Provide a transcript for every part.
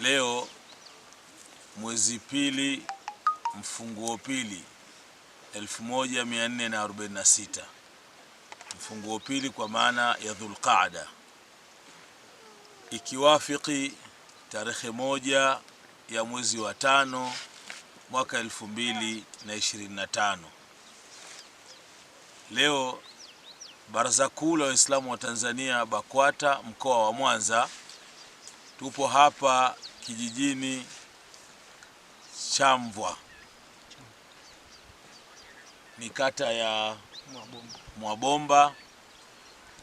Leo mwezi pili mfunguo pili 1446 mfunguo pili kwa maana ya Dhulqaada, ikiwafiki tarehe moja ya mwezi wa tano mwaka 2025. Leo Baraza Kuu la Waislamu wa Tanzania BAKWATA mkoa wa Mwanza tupo hapa kijijini Chamvwa, ni kata ya Mwabomba, Mwabomba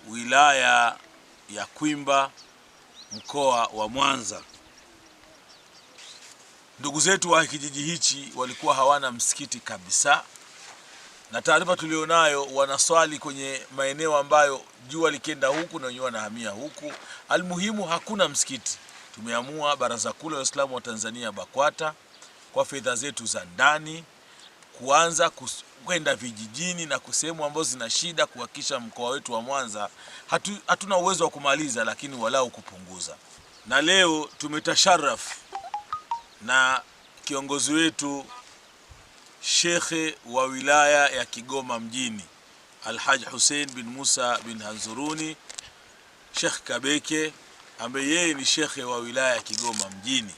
wilaya ya Kwimba mkoa wa Mwanza. Ndugu zetu wa kijiji hichi walikuwa hawana msikiti kabisa, na taarifa tulionayo wanaswali kwenye maeneo ambayo jua likienda huku na wenyewe wanahamia huku. Almuhimu hakuna msikiti tumeamua Baraza Kuu la Waislamu wa Tanzania BAKWATA kwa fedha zetu za ndani kuanza kwenda vijijini na kusehemu ambazo zina shida, kuhakikisha mkoa wetu wa Mwanza hatu, hatuna uwezo wa kumaliza, lakini walau kupunguza. Na leo tumetasharafu na kiongozi wetu shekhe wa wilaya ya Kigoma mjini Alhaj Hussein bin Musa bin Hanzuruni, Sheikh Kabeke ambaye yeye ni shekhe wa wilaya ya Kigoma mjini.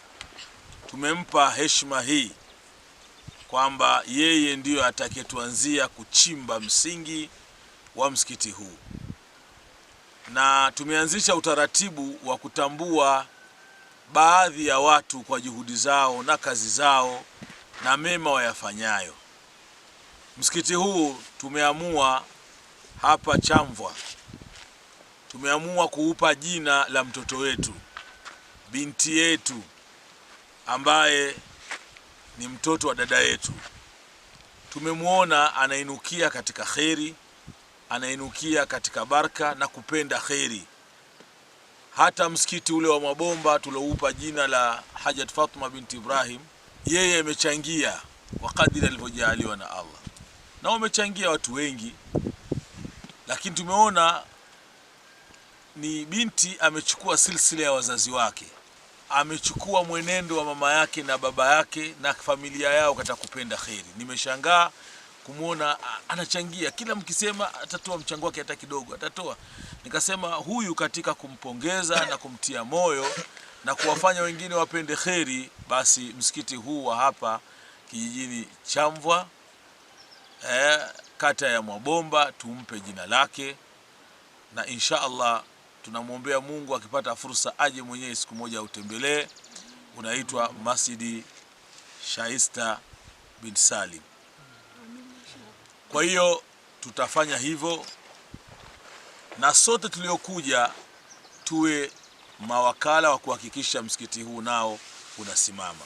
Tumempa heshima hii kwamba yeye ndiyo atakayetuanzia kuchimba msingi wa msikiti huu, na tumeanzisha utaratibu wa kutambua baadhi ya watu kwa juhudi zao na kazi zao na mema wayafanyayo. Msikiti huu tumeamua hapa Chamvwa tumeamua kuupa jina la mtoto wetu, binti yetu, ambaye ni mtoto wa dada yetu. Tumemwona anainukia katika kheri, anainukia katika baraka na kupenda kheri. Hata msikiti ule wa Mabomba tuloupa jina la Hajat Fatma binti Ibrahim, yeye amechangia kwa kadiri alivyojaaliwa na Allah, na wamechangia watu wengi, lakini tumeona ni binti amechukua silsila ya wazazi wake, amechukua mwenendo wa mama yake na baba yake na familia yao katika kupenda kheri. Nimeshangaa kumwona anachangia kila mkisema atatoa mchango wake hata kidogo atatoa. Nikasema huyu katika kumpongeza na kumtia moyo na kuwafanya wengine wapende kheri, basi msikiti huu wa hapa kijijini Chamvwa eh, kata ya Mwabomba tumpe jina lake na insha Allah tunamwombea Mungu akipata fursa aje mwenyewe siku moja utembelee Unaitwa Masjidi Shaista bin Salim. Kwa hiyo tutafanya hivyo, na sote tuliokuja tuwe mawakala wa kuhakikisha msikiti huu nao unasimama.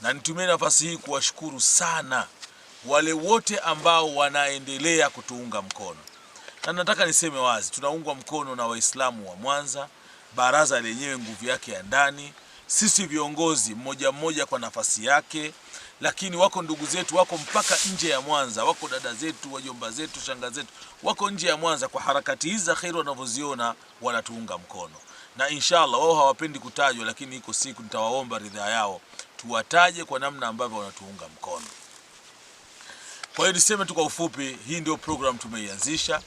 Na nitumie nafasi hii kuwashukuru sana wale wote ambao wanaendelea kutuunga mkono na nataka niseme wazi, tunaungwa mkono na Waislamu wa Mwanza, baraza lenyewe nguvu yake ya ndani, sisi viongozi mmoja mmoja kwa nafasi yake, lakini wako ndugu zetu wako mpaka nje ya Mwanza, wako dada zetu, wajomba zetu, shanga zetu wako nje ya Mwanza. Kwa harakati hizi za kheri wanavyoziona, wanatuunga mkono na inshallah, wao hawapendi kutajwa, lakini iko siku nitawaomba ridhaa yao, tuwataje kwa namna ambavyo wanatuunga mkono. Kwa hiyo niseme tu kwa ufupi, hii ndio program tumeianzisha,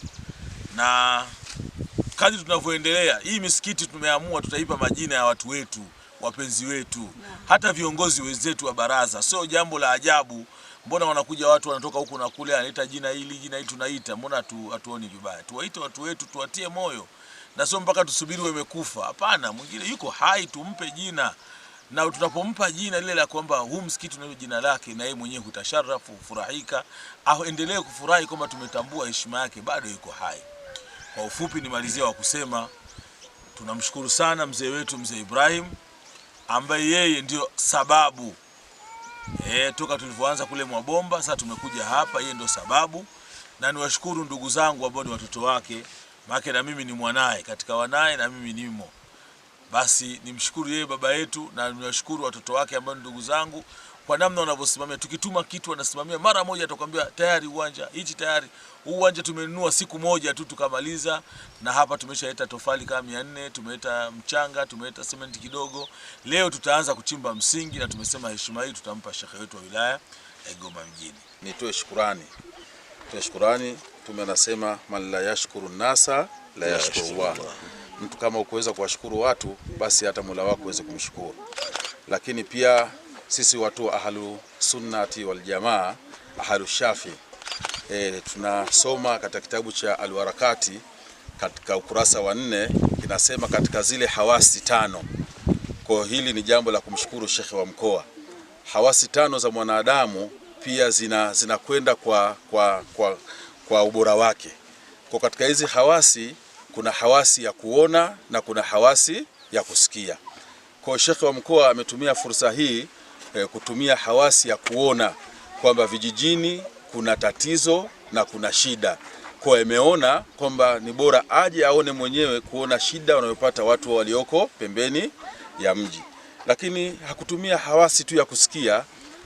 na kadri tunavyoendelea, hii misikiti tumeamua tutaipa majina ya watu wetu, wapenzi wetu, hata viongozi wenzetu wa baraza. Sio jambo la ajabu, mbona wanakuja watu wanatoka huku na kule, anaita jina hili jina hili, tunaita mbona tu, hatuoni vibaya? Tuwaite watu wetu, tuwatie moyo, na sio mpaka tusubiri wamekufa. Hapana, mwingine yuko hai, tumpe jina na tunapompa jina lile la kwamba huu msikiti unalo jina lake, na yeye mwenyewe hutasharafu, hufurahika, aendelee kufurahi kwamba tumetambua heshima yake, bado yuko hai. Kwa ufupi, nimalizia wa kusema tunamshukuru sana mzee wetu mzee Ibrahim ambaye yeye ndio sababu e, toka tulivyoanza kule Mwabomba, sasa tumekuja hapa, yeye ndio sababu, na niwashukuru ndugu zangu ambao ni watoto wake, maana na mimi ni mwanaye katika wanaye, na mimi nimo basi nimshukuru yeye baba yetu na niwashukuru watoto wake ambao ni ndugu zangu kwa namna wanavyosimamia. Tukituma kitu wanasimamia mara moja, atakwambia tayari uwanja hichi tayari. Huu uwanja tumenunua siku moja tu tukamaliza, na hapa tumeshaleta tofali kama mia nne, tumeleta mchanga, tumeleta sementi kidogo. Leo tutaanza kuchimba msingi, na tumesema heshima hii tutampa shekhe wetu wa wilaya ya Igoma mjini. Nitoe shukurani, nitoe shukurani. Tume anasema man la yashkuru nasa la yashkuru mtu kama ukuweza kuwashukuru watu, basi hata Mola wako uweze kumshukuru. Lakini pia sisi watu wa Ahlu Sunnati wal Jamaa, Ahlu Shafi e, tunasoma katika kitabu cha Alwarakati katika ukurasa wa nne kinasema katika zile hawasi tano. Kwa hili ni jambo la kumshukuru shekhe wa mkoa. Hawasi tano za mwanadamu pia zinakwenda kwa, kwa, kwa, kwa ubora wake. Kwa katika hizi hawasi kuna hawasi ya kuona na kuna hawasi ya kusikia. Kwa Shekhe wa mkoa ametumia fursa hii e, kutumia hawasi ya kuona kwamba vijijini kuna tatizo na kuna shida, kwa imeona kwamba ni bora aje aone mwenyewe kuona shida wanayopata watu walioko pembeni ya mji, lakini hakutumia hawasi tu ya kusikia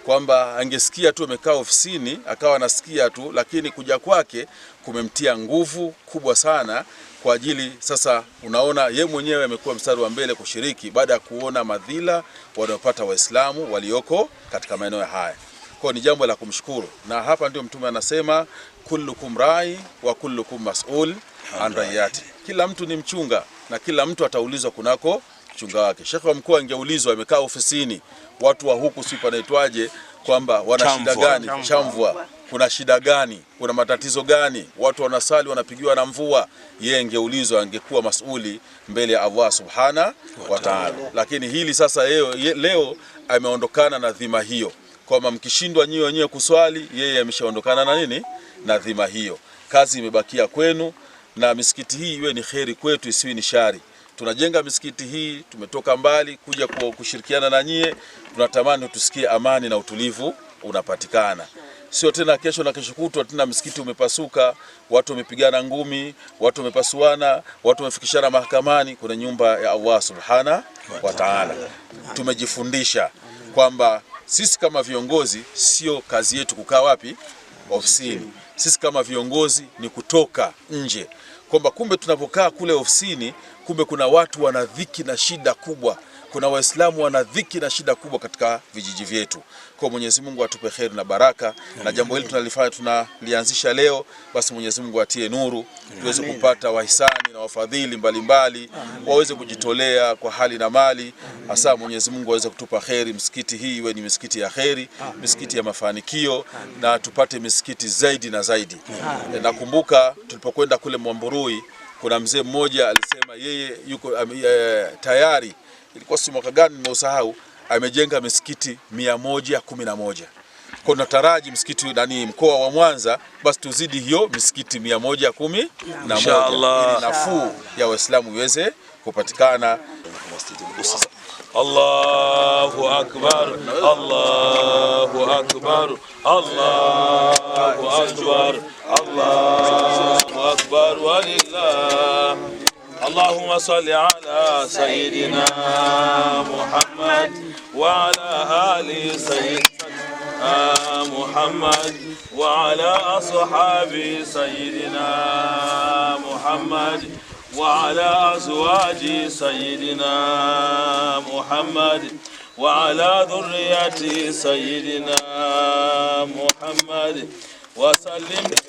kwamba angesikia tu amekaa ofisini akawa anasikia tu, lakini kuja kwake kumemtia nguvu kubwa sana kwa ajili sasa, unaona ye mwenyewe amekuwa mstari wa mbele kushiriki baada ya kuona madhila wanaopata Waislamu walioko katika maeneo haya. Kwa ni jambo la kumshukuru, na hapa ndio Mtume anasema kullukum rai wa kullukum mas'ul an raiyati, kila mtu ni mchunga na kila mtu ataulizwa kunako mchunga wake. Shekhe wa mkoa angeulizwa amekaa ofisini watu wa huku si panaitwaje, kwamba wana shida gani? Chamvwa, kuna shida gani? Kuna matatizo gani? Watu wanasali wanapigiwa na mvua. Yeye angeulizwa, angekuwa masuli mbele ya Allah subhana wa taala. Lakini hili sasa yeo, ye, leo ameondokana na dhima hiyo kwamba mkishindwa nyinyi wenyewe kuswali, yeye ameshaondokana na nini na dhima hiyo. Kazi imebakia kwenu, na misikiti hii iwe ni kheri kwetu, isiwi ni shari tunajenga misikiti hii, tumetoka mbali kuja kushirikiana na nyie. Tunatamani tusikie amani na utulivu unapatikana, sio tena kesho na kesho kutwa tena msikiti umepasuka, watu wamepigana ngumi, watu wamepasuana, watu wamefikishana mahakamani kwenye nyumba ya Allah subhana wa taala. Tumejifundisha kwamba sisi kama viongozi sio kazi yetu kukaa wapi ofisini. Sisi kama viongozi ni kutoka nje, kwamba kumbe tunapokaa kule ofisini kumbe kuna watu wana dhiki na shida kubwa, kuna Waislamu wana dhiki na shida kubwa katika vijiji vyetu. Kwa Mwenyezi Mungu atupe kheri na baraka Amin. Na jambo hili tunalifanya tunalianzisha leo, basi Mwenyezi Mungu atie nuru, tuweze kupata wahisani na wafadhili mbalimbali waweze kujitolea kwa hali na mali, hasa Mwenyezi Mungu aweze kutupa kheri. Misikiti hii iwe ni misikiti ya kheri, misikiti ya mafanikio Na tupate misikiti zaidi na zaidi. Nakumbuka tulipokwenda kule Mwamburui kuna mzee mmoja alisema yeye yuko um, e, tayari ilikuwa si mwaka gani nimeusahau, amejenga misikiti mia moja kumi na moja kwa msikiti nani mkoa wa Mwanza basi tuzidi hiyo misikiti mia moja kumi na moja ili nafuu ya Waislamu iweze kupatikana. Allahu akbar, Allahu akbar, Allahu akbar, akbar. أكبر ولله اللهم صل على سيدنا محمد وعلى آل سيدنا محمد وعلى أصحاب سيدنا محمد وعلى أزواج سيدنا محمد وعلى ذرية سيدنا محمد وسلم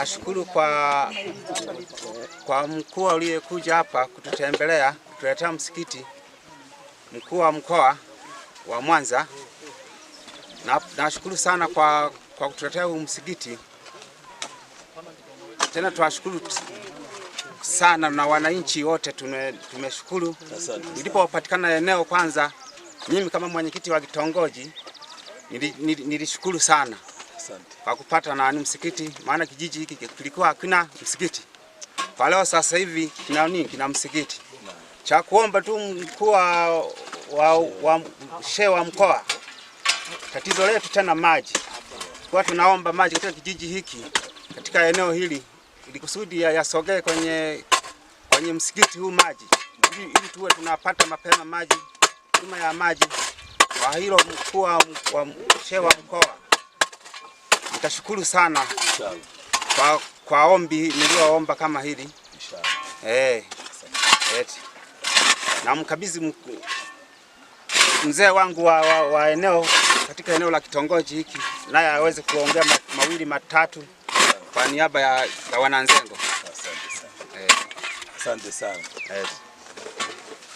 Nashukuru kwa, kwa mkuu aliyekuja hapa kututembelea kutuletea msikiti, mkuu wa mkoa wa Mwanza. Nashukuru na sana kwa, kwa kutuletea huu msikiti. Tena tunashukuru sana na wananchi wote tumeshukuru. Nilipopatikana eneo kwanza, mimi kama mwenyekiti wa kitongoji nilishukuru sana. Asante. Kwa kupata na ni msikiti, maana kijiji hiki kilikuwa hakina msikiti. Kwa leo sasa hivi kina nini? Kina msikiti. Cha kuomba tu mkuu wa, wa shehe wa mkoa, tatizo letu tena maji. Kwa tunaomba maji katika kijiji hiki, katika eneo hili ili kusudi yasogee kwenye kwenye msikiti huu maji, ili tuwe tunapata mapema maji, huduma ya maji. Kwa hilo mkuu wa shehe wa mkoa Nitashukuru sana kwa, kwa ombi niliyoomba kama hili eh, na mkabizi mzee wangu wa, wa, wa eneo katika eneo la kitongoji hiki, naye aweze kuongea ma, mawili matatu kwa niaba ya, ya wananzengo. Asante sana. Eh.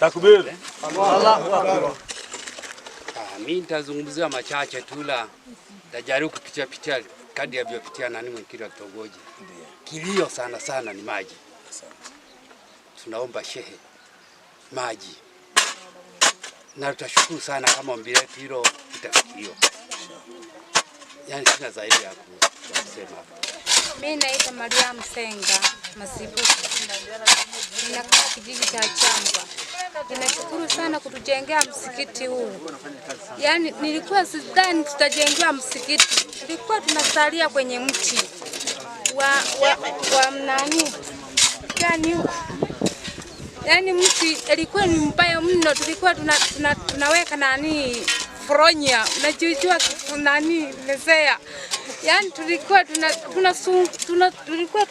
Takbir. Allahu Akbar. Mimi ah, nitazungumzia machache tu, la tajaribu kupitia pitia kadi alivyopitia nani mwenyekiti wa kitongoji. Kilio sana sana ni maji, tunaomba shehe maji, na tutashukuru sana kama ombi letu hilo Yani sina zaidi ya kusema. Mimi naitwa Maria Senga. Masibuko. Ninakaa kijiji cha Changwa. Ninashukuru sana kutujengea msikiti huu. Yaani nilikuwa sidhani tutajengewa msikiti. Tulikuwa tunasalia kwenye mti wa wa, wa mnani. Yaani yaani mti ilikuwa ni mbaya mno, tulikuwa tuna, tuna, tunaweka nani fronya. unajijua nani mezea yani tulikuwa tuna, tuna, tuna, tulikuwa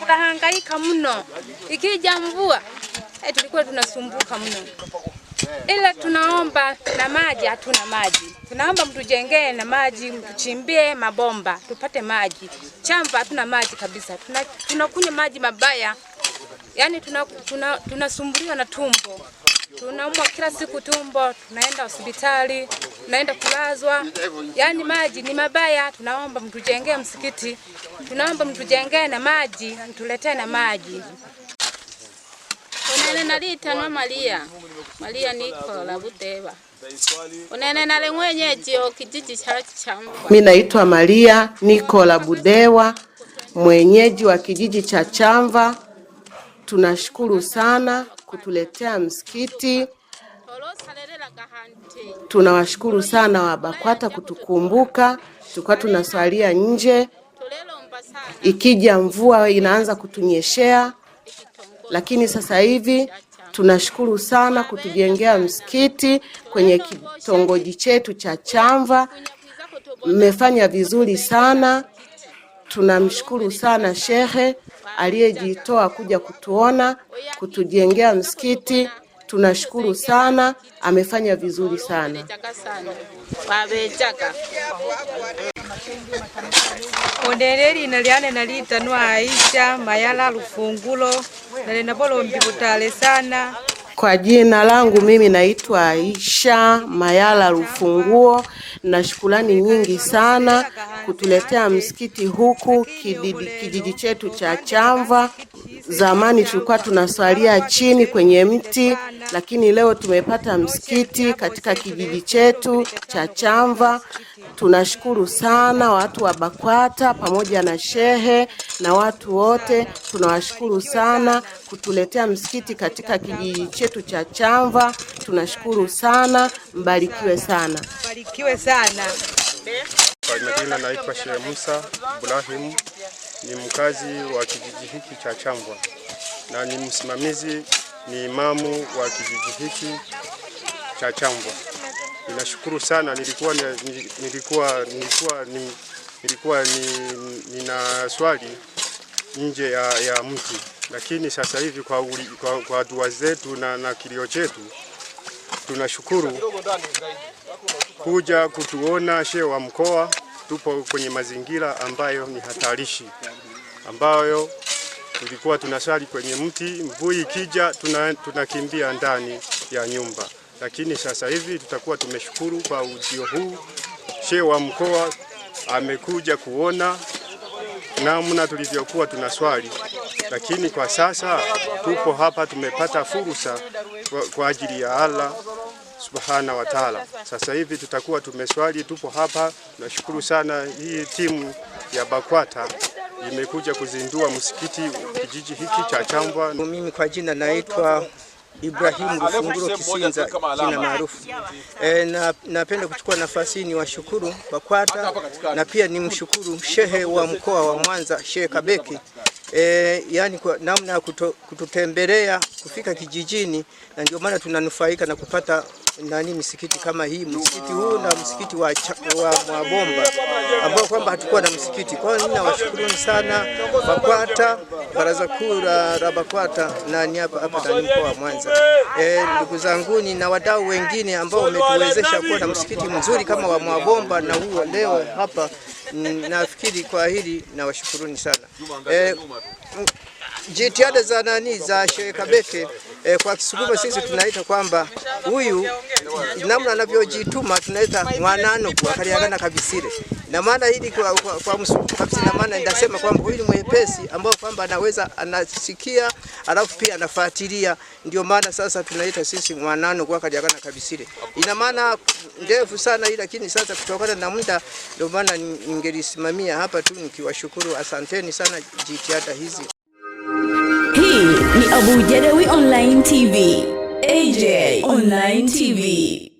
tunahangaika mno ikija mvua eh, tulikuwa tunasumbuka mno, ila tunaomba na maji, hatuna maji. Tunaomba mtujengee na maji, mtuchimbie mabomba tupate maji. Chamba hatuna maji kabisa, tunakunywa tuna maji mabaya, yani tunasumbuliwa tuna, tuna na tumbo, tunaumwa kila siku tumbo, tunaenda hospitali naenda kulazwa, yaani maji ni mabaya. Tunaomba mtujengee msikiti, tunaomba mtujengee na maji, mtuletee na maji. unene nalitanwa Maria Malia Nikola Buteba unene naling'wenyejio kijiji cha Chamba. Mimi naitwa Malia Nikola Budewa mwenyeji wa kijiji cha Chamva. Tunashukuru sana kutuletea msikiti. Tunawashukuru sana Wabakwata kutukumbuka, tulikuwa tunaswalia nje, ikija mvua inaanza kutunyeshea, lakini sasa hivi tunashukuru sana kutujengea msikiti kwenye kitongoji chetu cha Chamva. Mmefanya vizuri sana, tunamshukuru sana shehe aliyejitoa kuja kutuona, kutujengea msikiti tunashukuru sana, amefanya vizuri sana. ondeleli naliane nalitanwa Aisha Mayala Lufungulo nalenapolombi kutale sana. Kwa jina langu mimi naitwa Aisha Mayala Lufunguo, na shukurani nyingi sana kutuletea msikiti huku kijiji chetu cha Chamva. Zamani tulikuwa tunaswalia chini kwenye mti, lakini leo tumepata msikiti katika kijiji chetu cha Chamva. Tunashukuru sana watu wa BAKWATA pamoja na shehe na watu wote, tunawashukuru sana kutuletea msikiti katika kijiji chetu cha Chamva. Tunashukuru sana, mbarikiwe sana, mbarikiwe sana. Kwa jina naitwa Shehe Musa Ibrahim ni mkazi wa kijiji hiki cha chambwa na ni msimamizi, ni imamu wa kijiji hiki cha chambwa Ninashukuru sana, nilikuwa nilikuwa nilikuwa nilikuwa nina swali nje ya, ya mti, lakini sasa hivi kwa, kwa, kwa dua zetu na, na kilio chetu tunashukuru kuja kutuona shehe wa mkoa tupo kwenye mazingira ambayo ni hatarishi, ambayo tulikuwa tunasali kwenye mti, mvui ikija tunakimbia tuna ndani ya nyumba, lakini sasa hivi tutakuwa tumeshukuru kwa ujio huu. Shehe wa mkoa amekuja kuona namna tulivyokuwa tunaswali, lakini kwa sasa tupo hapa, tumepata fursa kwa, kwa ajili ya Allah subhana wa taala. Sasa hivi tutakuwa tumeswali, tupo hapa. Nashukuru sana hii timu ya BAKWATA imekuja kuzindua msikiti kijiji hiki cha Chambwa. Mimi kwa jina naitwa Ibrahim Rufunguro Kisinza, jina maarufu e, na napenda kuchukua nafasi hii ni washukuru BAKWATA na pia ni mshukuru shehe wa mkoa wa Mwanza Shehe kabeki e, yani kwa namna ya kututembelea kufika kijijini, na ndio maana tunanufaika na kupata nani misikiti kama hii, msikiti huu na msikiti wa, wa Mwabomba ambao kwamba hatukuwa na msikiti. Kwa hiyo ninawashukuru sana BAKWATA, baraza kuu la BAKWATA nani hapa hapa ndani mkoa wa Mwanza. Eh, ndugu zanguni na wadau wengine ambao wametuwezesha kuwa na msikiti mzuri kama wa Mwabomba na huo leo hapa, mm, nafikiri kwa hili nawashukuruni sana eh, jitihada za nani za Sheikh Kabeke e, kwa Kisukuma sisi tunaita kwamba huyu namna anavyojituma tunaita mwanano kwa kaliagana kabisile na maana hili kwa, kwa, kwa msukuma na maana ndasema kwamba huyu ni mwepesi ambao kwamba anaweza anasikia, alafu pia anafuatilia. Ndio maana sasa tunaita sisi mwanano kwa kaliagana kabisile. Ina maana ndefu sana hii, lakini sasa kutokana na muda, ndio maana ningelisimamia hapa tu nikiwashukuru, asanteni sana jitihada hizi ni Abu Jadawi Online TV, AJ Online TV.